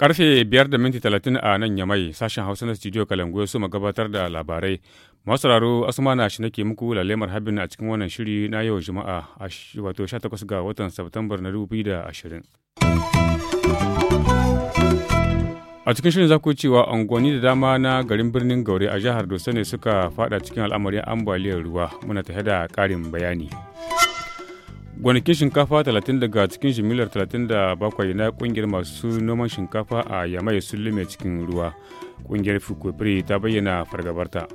Karfe biyar da minti talatin a nan Yamai, sashen Hausa na studio Kalangu su gabatar da labarai. Masu sauraro Asmana shi nake muku lalemar habin a cikin wannan shiri na yau Juma'a, wato 18 ga watan Satumbar na ashirin. a cikin shirin za ku cewa unguwanni da dama na garin birnin gauri a jihar dosa ne suka fada cikin al'amarin ambaliyar ruwa muna tafe da karin bayani gwanakin shinkafa 30 daga cikin jimilar 37 na kungiyar masu noman shinkafa a yamai sun lume cikin ruwa kungiyar fukufri ta bayyana fargabarta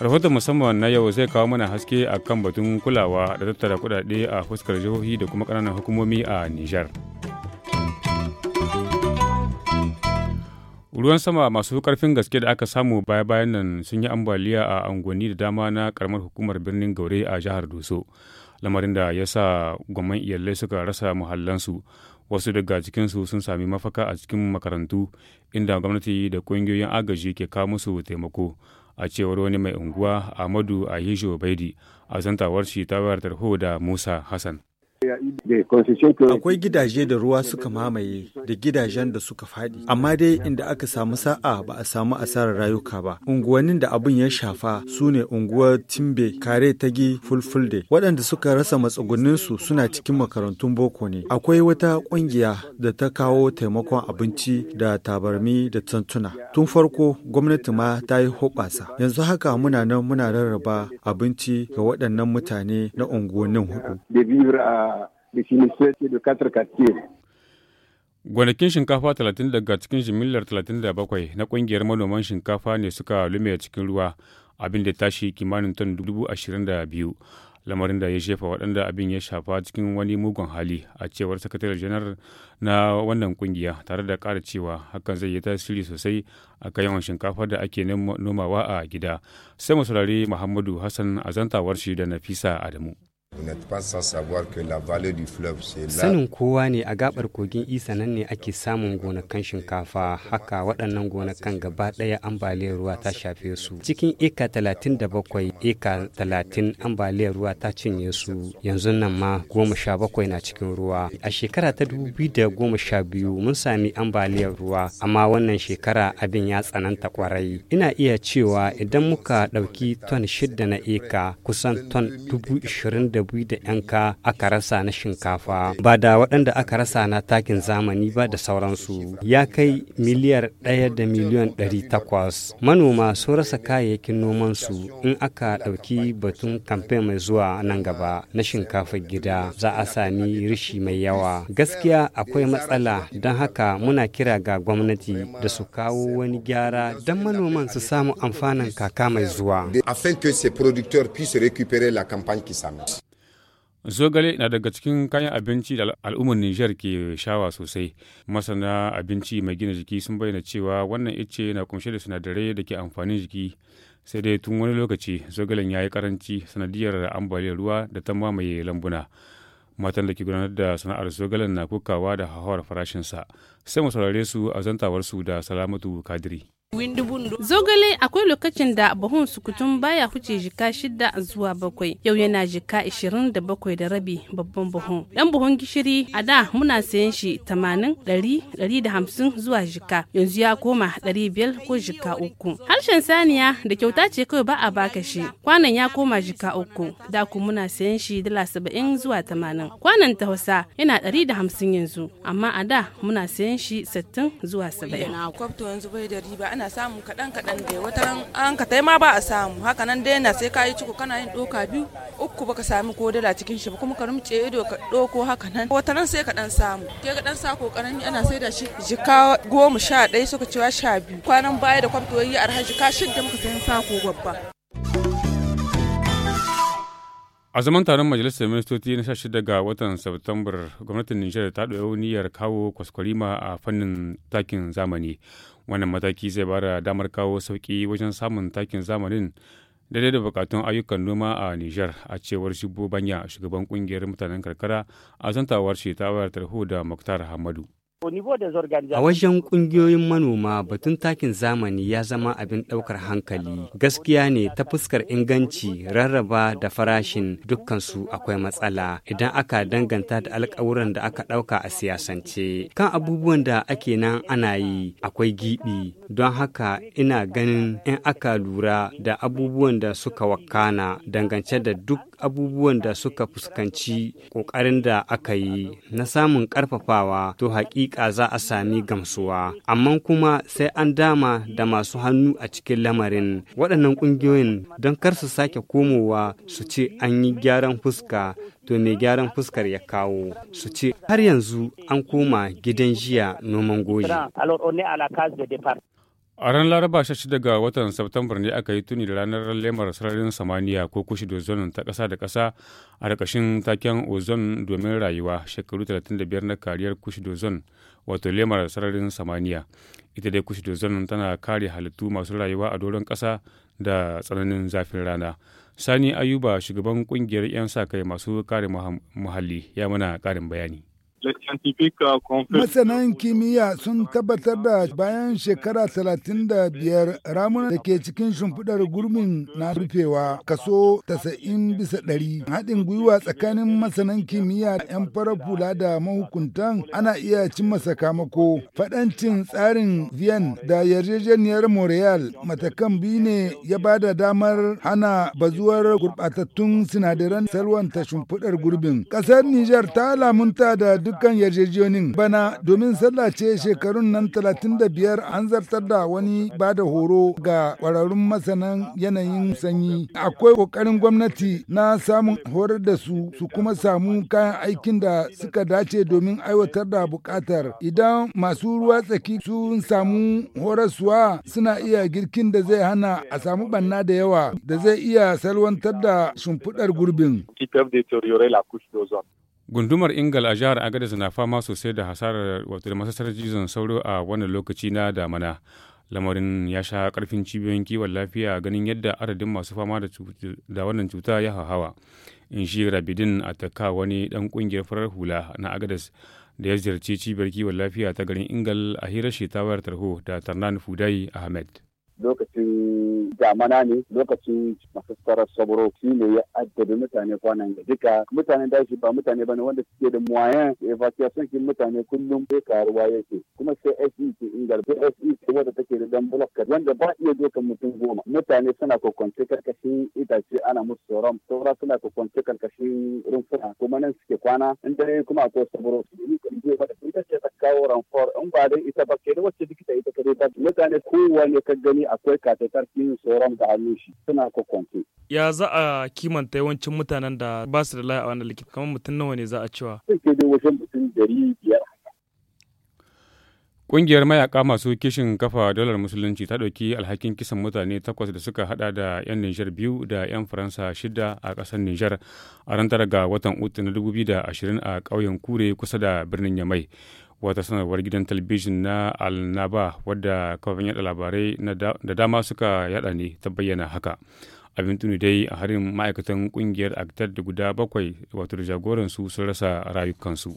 rahoton musamman na yau zai kawo mana haske a kan batun kulawa da tattara kudade a fuskar jihohi da kuma kananan hukumomi a nijar ruwan sama masu karfin gaske da aka samu baya-bayan nan sun yi ambaliya a angoni da dama na karamar hukumar birnin gaure a jihar doso lamarin da ya sa gwamman iyalai suka rasa muhallansu wasu daga cikinsu sun sami mafaka a cikin makarantu inda gwamnati da ƙungiyoyin agaji ke kawo musu taimako a cewar wani mai unguwa ahmadu ahijo baidi a zantawar shi ta wayar tarho da musa hassan Akwai gidaje da ruwa suka mamaye da gidajen da suka faɗi, amma dai inda aka samu sa'a ba a samu asarar rayuka ba. Unguwannin da abin ya shafa su ne unguwar Timbe, Kare Tagi, Fulfulde. Waɗanda suka rasa matsugunninsu suna cikin makarantun boko ne. Akwai wata ƙungiya da ta kawo taimakon abinci da tabarmi da tantuna. Tun farko gwamnati ma ta yi hoɓasa. Yanzu haka muna nan muna rarraba abinci ga waɗannan mutane na unguwannin hudu. da da katar Gwanakin shinkafa 30 daga cikin jimillar bakwai na kungiyar manoman shinkafa ne suka lume cikin ruwa abin da tashi kimanin ton 22,000 lamarin da ya shefa waɗanda abin ya shafa cikin wani mugun hali a cewar sakataren janar na wannan kungiya tare da ƙara cewa hakan zai yi tasiri sosai a kan yawan shinkafa da ake nomawa a gida sai mu saurari muhammadu hassan azantawar shi da nafisa adamu Sanin kowa ne a gabar kogin isa nan ne ake samun gonakan shinkafa haka waɗannan gonakan gaba ɗaya ambaliyar ruwa ta shafe su. Cikin eka 37 eka 30 ambaliyar ruwa ta cinye su yanzu nan ma 17 na cikin ruwa. A shekara ta 2012 mun sami ambaliyar ruwa amma wannan shekara abin ya tsananta kwarai. Ina iya cewa idan muka ɗauki ton 6 na eka kusan ton da yanka aka rasa na shinkafa ba da waɗanda aka rasa na takin zamani ba da sauransu ya kai miliyar ɗaya da miliyan ɗari takwas manoma sun rasa kayayyakin nomansu in aka ɗauki batun kamfe mai zuwa nan gaba na shinkafa gida za a sami rishi mai yawa gaskiya akwai matsala don haka muna kira ga gwamnati da su kawo wani gyara don manoman su samu amfanin kaka mai zuwa que Zogale na daga cikin kayan abinci da al'ummar Nijar ke shawa sosai. Masana abinci mai gina jiki sun bayyana cewa wannan ice na kunshe da sinadarai da ke amfanin jiki. Sai dai tun wani lokaci zogalen ya yi karanci sanadiyar ambaliyar ruwa da ta mamaye lambuna. Matan da ke gudanar da sana'ar zogalen na kukawa da hauhawar farashinsa. Sai mu saurare su a zantawarsu da Salamatu Kadiri. Zogale akwai lokacin da buhun sukutun baya huce jika shida zuwa bakwai yau yana jika ishirin da bakwai da rabi babban buhun. Dan buhun gishiri a da muna sayan shi tamanin ɗari ɗari da hamsin zuwa jika yanzu ya koma ɗari biyar ko jika uku. Harshen saniya da kyauta ce kawai ba a baka shi kwanan ya koma jika uku da ku muna sayan shi dala saba'in zuwa tamanin kwanan tausa yana ɗari da hamsin yanzu amma a da muna sayan shi sittin zuwa saba'in. ana samu kaɗan kaɗan dai wata ran an ka ma ba a samu haka nan dai na sai yi ciko kana yin ɗoka biyu uku baka sami ko dala cikin shi ba kuma ka rumce ido ka ɗoko haka nan wata ran sai ka ɗan samu ke ga ɗan sako ƙarami ana sai da shi jika goma sha ɗaya suka cewa sha biyu kwanan baya da kwamfito yi arha jika shidda muka sayan sako babba. a zaman taron majalisar ministoci na 16 ga watan september gwamnatin nijar ta ɗau niyyar kawo kwaskwarima a fannin takin zamani wannan mataki zai bada damar kawo sauƙi wajen samun takin zamanin daidai da bukatun ayyukan noma a Nijar a cewar Shibu Banya shugaban kungiyar mutanen karkara a zantawar shi ta wayar tarho da Muktar Hamadu. A wajen ƙungiyoyin manoma batun takin zamani ya zama abin ɗaukar hankali. Gaskiya ne ta fuskar inganci, rarraba da farashin dukkansu akwai matsala idan aka danganta da alƙawuran da aka ɗauka a siyasance. Kan abubuwan da ake nan ana yi akwai giɓi don haka ina ganin in aka lura da abubuwan da suka wakana dangance da duk abubuwan da suka fuskanci ƙoƙarin da aka yi na samun ƙarfafawa to haƙi hakika za a sami gamsuwa, amma kuma sai an dama da masu hannu a cikin lamarin. Waɗannan ƙungiyoyin don kar su sake komowa su ce an yi gyaran fuska to mai gyaran fuskar ya kawo su ce har yanzu an koma gidan jiya noman goji. A ran Laraba 16 ga watan Satumbar ne aka yi tuni da ranar lemar sararin samaniya ko kushi zonin ta ƙasa da ƙasa a ƙarƙashin taken ozon domin rayuwa shekaru 35 na kariyar kushi zon wato lemar sararin samaniya. Ita dai kushi zon tana kare halittu masu rayuwa a doron ƙasa da tsananin zafin rana. Sani Ayuba shugaban ƙungiyar 'yan sa kai masu kare muhalli ya mana ƙarin bayani. Uh, masanan kimiyya sun tabbatar da bayan shekara talatin da biyar ramunan da ke cikin shimfiɗar gurbin na rufewa kaso tasa'in bisa ɗari. Haɗin gwiwa tsakanin masanan kimiyya da 'yan farar hula da mahukuntan ana iya cimma sakamako. Faɗancin tsarin Vienne da yarjejeniyar Montreal matakan biyu ne ya ba da damar hana bazuwar gurɓatattun sinadaran salwanta shimfiɗar gurbin. Ƙasar Nijar ta lamunta da dukkan yarjejiyonin bana domin sallah ce shekarun nan 35 an zartar da wani ba da horo ga kwararrun masanan yanayin sanyi. Akwai ƙoƙarin gwamnati na samun horar da su su kuma samu kayan aikin da suka dace domin aiwatar da bukatar Idan masu ruwa tsaki sun samu horaswa suna iya girkin da zai hana a samu banna da yawa da zai iya salwantar da shimfiɗar gurbin. Gundumar Ingal a jihar Agadez na fama sosai da hasarar wato da masasar jizon sauro a wannan lokaci na damana. Lamarin ya sha karfin cibiyoyin kiwon lafiya ganin yadda adadin masu fama da wannan cuta ya hawa. In shi Rabidin takka wani dan kungiyar farar hula na Agadez da ya ziyarci cibiyar kiwon lafiya ta garin Ingal a hirar shi tawayar tarho da Tarnan Fudai Ahmed. Lokacin damana ne lokacin masassarar sabro shi ne ya addabi mutane kwanan da duka mutanen daji ba mutane bane wanda suke da muwayan evacuation kin mutane kullum sai karuwa yake kuma sai SE ke ingar SE ce wadda take da dan block wanda ba iya dokan mutum goma mutane suna kokwance karkashin itace ana musu tsoron saura suna kokwance karkashin rumfuna kuma nan suke kwana in dare kuma akwai sabro ita ce kawo for in ba dai ita ba ke da wacce likita ita kare ba mutane kowane ka gani akwai katetar tsoron da hannun shi suna kwakwance. ya za a kimanta yawancin mutanen da ba su da laya a wannan likita kamar mutum nawa ne za a cewa. ke dai wajen mutum dari biyar Ƙungiyar mayaƙa masu kishin kafa dalar musulunci ta ɗauki alhakin kisan mutane takwas da suka hada da 'yan Nijar biyu da 'yan Faransa shida a ƙasar Nijar a ran tara ga watan Uta na 2020 a ƙauyen Kure kusa da birnin Yamai. wata sanarwar gidan talabijin na alnaba wadda kafin yada labarai da dama suka yada ne ta bayyana haka abin tuni dai a harin ma'aikatan kungiyar aktar da guda bakwai wato da jagoransu sun rasa rayukansu.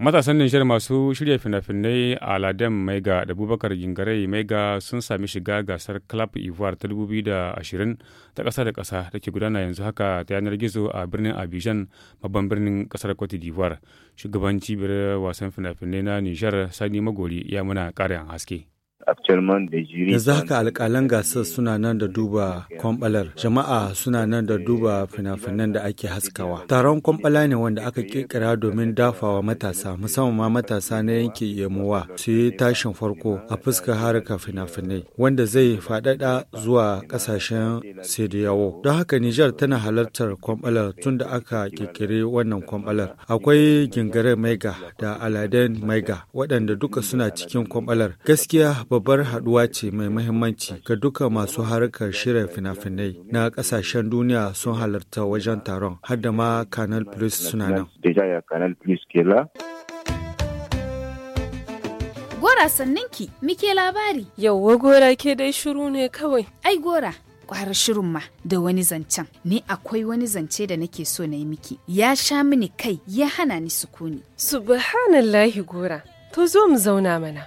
Matasan Nijar masu shirya fina-finai a Laden Maiga da Bubakar Gingarai Maiga sun sami shiga gasar Club Ivoire ta 2020 ta ƙasa da ƙasa da ke gudana yanzu haka ta yanar gizo a birnin Abidjan babban birnin ƙasar Cote d'Ivoire. Shugaban cibiyar wasan fina-finai na Nijar Sani Magori ya muna ƙarin haske. Yanzu haka alƙalan gasar suna nan da duba kwamɓalar, jama'a suna nan da duba fina-finan da ake haskawa. Taron kwamɓala ne wanda aka kirkira domin dafawa matasa, musamman ma matasa na yankin Yemowa su yi tashin farko a fuskar haruka fina-finai, wanda zai faɗaɗa zuwa ƙasashen Sediyawo. Don haka Nijar tana halartar kwamɓalar tun da aka kirkiri wannan kwamɓalar. Akwai gingare Maiga da Aladen Maiga waɗanda duka suna cikin kwamɓalar. Gaskiya babbar haɗuwa ce mai mahimmanci ga duka masu harkar shirin fina-finai na ƙasashen duniya sun halarta wajen taron har da ma Canal Plus suna nan. Gora sannan ki, muke labari. Yauwa gora ke dai shiru ne kawai. Ai gora, kwara shirin ma da wani zancen ni akwai wani zance da nake so na yi miki ya sha mini kai ya hana ni sukuni subhanallahi gora to zo mu zauna mana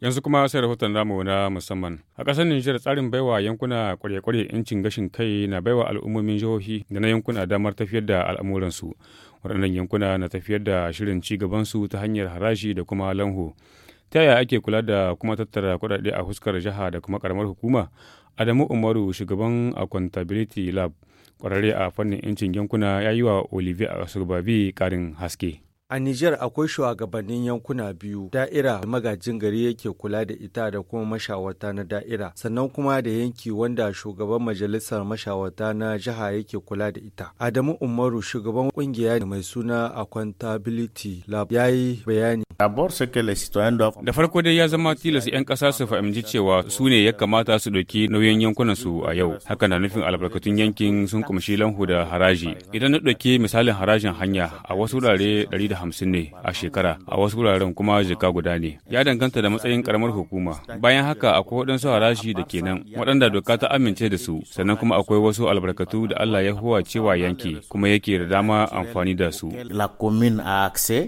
Yanzu kuma sai rahoton namu na musamman. A ƙasar Nijar tsarin baiwa yankuna kwarya-kwarya 'yancin gashin kai na baiwa al'ummomin jihohi da na yankuna damar tafiyar da al'amuransu. Waɗannan yankuna na tafiyar da shirin ci gabansu ta hanyar haraji da kuma lanho. Ta yaya ake kula da kuma tattara kuɗaɗe a fuskar jiha da kuma ƙaramar hukuma? Adamu Umaru shugaban Accountability Lab ƙwararre a fannin 'yancin yankuna ya yi wa Olivier asurbabi ƙarin haske. A Nijar akwai shugabannin yankuna biyu, da'ira magajin gari yake kula da ita da kuma mashawarta na da'ira, sannan kuma da yanki wanda shugaban majalisar mashawarta na jiha yake kula da ita. Adamu Umaru shugaban kungiya mai suna Accountability Lab ya yi bayani. Da farko dai ya zama tilas 'yan ƙasa su fahimci cewa su ne ya kamata su ɗauki nauyin yankunan su a yau. Haka na nufin albarkatun yankin sun kumshi lanhu da haraji. Idan na ɗauki misalin harajin hanya a wasu wurare hamsin ne a shekara a wasu wuraren kuma jika guda ne ya danganta da matsayin karamar hukuma bayan haka akwai waɗansu harashi da kenan. waɗanda doka ta amince da su sannan kuma akwai wasu albarkatu da Allah ya huwa cewa yanki kuma yake da dama amfani da su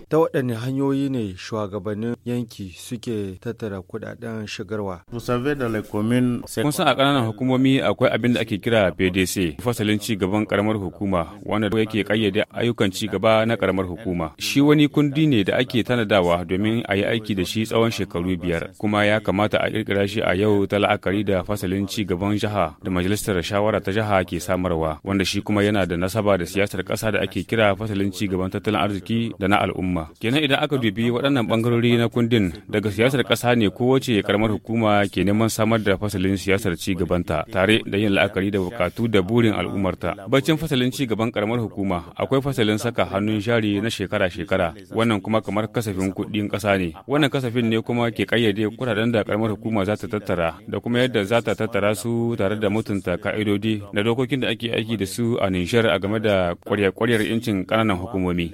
ta waɗanne hanyoyi ne shugabannin yanki suke tattara kuɗaɗen shigarwa kun san a ƙananan hukumomi akwai abin da ake kira PDC fasalin ci gaban karamar hukuma wanda yake ƙayyade ayyukan ci gaba na karamar hukuma shi shi wani kundi ne da ake tanadawa domin a yi aiki da shi tsawon shekaru biyar kuma ya kamata a kirkira shi a yau ta la'akari da fasalin ci gaban jiha da majalisar shawara ta jiha ke samarwa wanda shi kuma yana da nasaba da siyasar ƙasa da ake kira fasalin ci gaban tattalin arziki da na al'umma kenan idan aka dubi waɗannan bangarori na kundin daga siyasar ƙasa ne kowace karamar hukuma ke neman samar da fasalin siyasar ci gabanta tare da yin la'akari da bukatu da burin al'ummarta baccin fasalin ci gaban karamar hukuma akwai fasalin saka hannun jari na shekara-shekara shekara wannan kuma kamar kasafin kuɗin ƙasa ne wannan kasafin ne kuma ke kayyade kuɗaɗen da karamar hukuma za ta tattara da kuma yadda za ta tattara su tare da mutunta ka'idodi da dokokin da ake aiki da su a Nijar a game da ƙwarya-ƙwaryar 'yancin ƙananan hukumomi.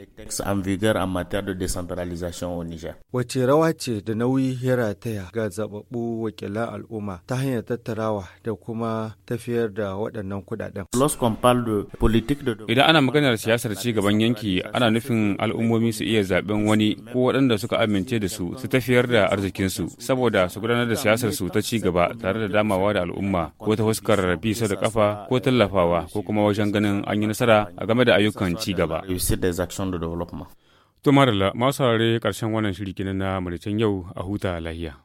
Wace rawa ce da nauyi ya ga zababbu wakilan al'umma ta hanyar tattarawa da kuma tafiyar da waɗannan kuɗaɗen? Idan ana maganar siyasar ci gaban yanki ana nufin al'ummomi hukumomi su iya zaben wani ko waɗanda suka amince da su su tafiyar da arzikinsu saboda su gudanar da siyasar su ta ci gaba tare da damawa da al'umma ko ta fuskar sau da kafa ko tallafawa ko kuma wajen ganin an yi nasara a game da ayyukan ci gaba. To Marala, masu ƙarshen wannan shiri na Maricen yau a huta lahiya.